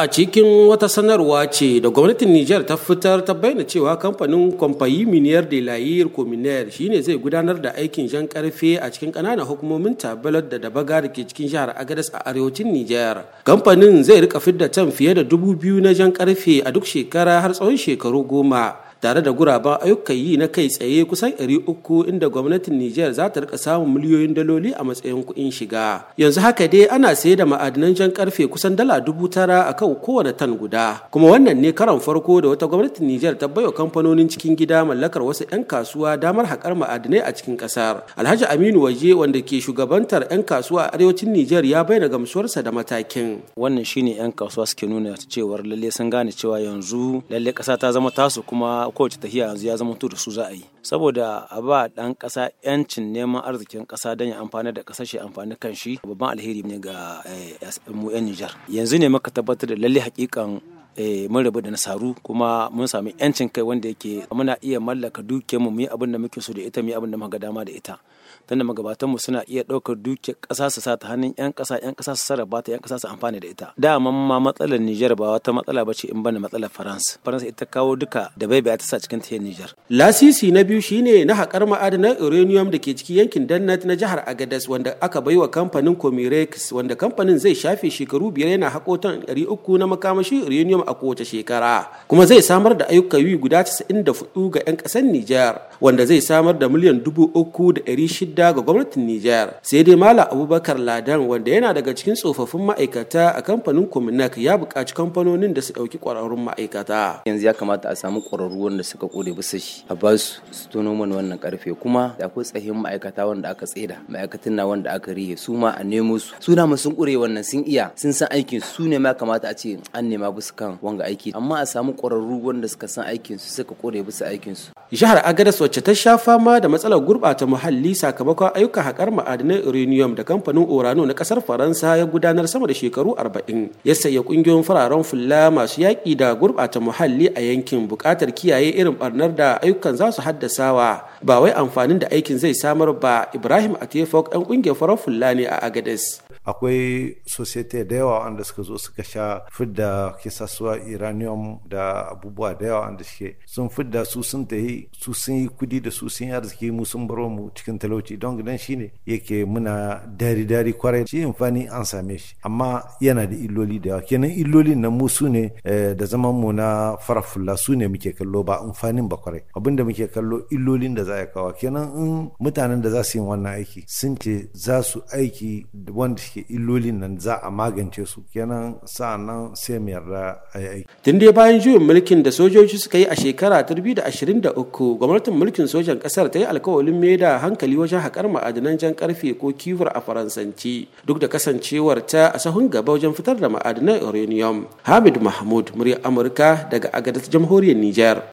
a cikin wata sanarwa ce da gwamnatin niger ta fitar ta bayyana cewa kamfanin kwamfayi miniyar de layir communaire shine zai gudanar da aikin jan karfe a cikin kananan hukumomin tabalar da dabaga da ke cikin jihar agadas a arewacin niger kamfanin zai rika fidda tan fiye da dubu biyu na jan karfe a duk shekara har tsawon shekaru goma tare da guraben ayyukan yi na kai tsaye kusan 300 inda gwamnatin Nijar za ta rika samun miliyoyin daloli a matsayin kuɗin shiga. Yanzu haka dai ana saye da ma'adinan jan karfe kusan dala dubu tara a kan kowane tan guda. Kuma wannan ne karan farko da wata gwamnatin Nijar ta baiwa kamfanonin cikin gida mallakar wasu 'yan kasuwa damar haƙar ma'adinai a cikin ƙasar. Alhaji Aminu Waje wanda ke shugabantar 'yan kasuwa a arewacin Nijar ya bayyana gamsuwarsa da matakin. Wannan shine 'yan kasuwa suke nuna cewar lalle sun gane cewa yanzu lalle ƙasa ta zama tasu kuma a kowace tafiya yanzu ya zama da su za a yi saboda a ba ɗan ƙasa 'yancin neman arzikin ƙasa don ya amfani da ƙasashe amfani kan shi babban alheri ne ga eh, mu 'yan Nijar yanzu ne maka tabbatar da lalle hakikan Eh, mun rabu da nasaru kuma mun sami yancin kai wanda yake muna iya mallaka dukiyar mu mu abin da muke so da ita mu abin da muka dama da ita tunda magabatanmu suna iya ɗaukar dukiyar ƙasa su sa ta hannun 'yan ƙasa 'yan ƙasa su sarrafa ta 'yan ƙasa su amfani da ita daman ma matsalar Nijar ba wata matsala ba ce in bana matsalar Faransa Faransa ita kawo duka da bai ta sa cikin ta Nijar lasisi na biyu shine na haƙar ma'adanan uranium da ke ciki yankin Dannat na jihar Agadez wanda aka baiwa kamfanin Comirex wanda kamfanin zai shafe shekaru biyar yana haƙo tan 300 na makamashi uranium a kowace shekara kuma zai samar da ayyukan yi guda 94 ga 'yan ƙasar Nijar wanda zai samar da miliyan dubu uku da shida ga gwamnatin Nijar sai dai Malam Abubakar Ladan wanda yana daga cikin tsofaffin ma'aikata a kamfanin Cominac ya buƙaci kamfanonin da su ɗauki ƙwararrun ma'aikata. Yanzu ya kamata a samu ƙwararru wanda suka ƙure bisa shi a ba su su tono mana wannan ƙarfe kuma da akwai tsahin ma'aikata wanda aka tseda ma'aikatan na wanda aka rihe su ma a nemo su su da sun ƙure wannan sun iya sun san aikin su ne ma kamata a ce an nema bisa kan wanga aiki amma a samu ƙwararru wanda suka san aikin su suka kore bisa aikin su jihar agadas wacce ta sha fama da matsalar gurɓata muhalli sakamakon ayyukan haƙar ma'adinan uranium da kamfanin orano na ƙasar faransa ya gudanar sama da shekaru arba'in. ya sayi ƙungiyoyin fararen fulla masu yaƙi da gurɓata muhalli a yankin buƙatar kiyaye irin ɓarnar da ayyukan za su haddasawa ba wai amfanin da aikin zai samar ba ibrahim atefok ɗan ƙungiyar farar fulla ne a agadas akwai society da yawa wanda suka zo suka sha fidda kisasuwa iranium da abubuwa da yawa wanda suke sun fidda su sun yi su sun yi kudi da su sun yi arziki mu sun baro mu cikin talauci don gidan ne yake muna dari dari kwarai shi infani an same shi amma yana da illoli da yawa kenan illolin na mu su ne eh, da zaman mu na farafulla su ne muke kallo ba amfanin ba kwarai abin da muke kallo illolin da za a kawo kenan in mutanen da za su yi wannan aiki sun ce za su aiki wanda shi ke illolin nan za a magance su kenan sa'annan sai mu yarda a yi tun dai bayan juyin mulkin da sojoji suka yi a shekara ta uku gwamnatin mulkin sojan kasar ta yi alkawalin mai da hankali wajen haƙar ma'adanan jan karfe ko kifar a faransanci duk da kasancewar ta a sahun gaba wajen fitar da ma'adanan uranium hamid mahmud murya amurka daga agadar jamhuriyar niger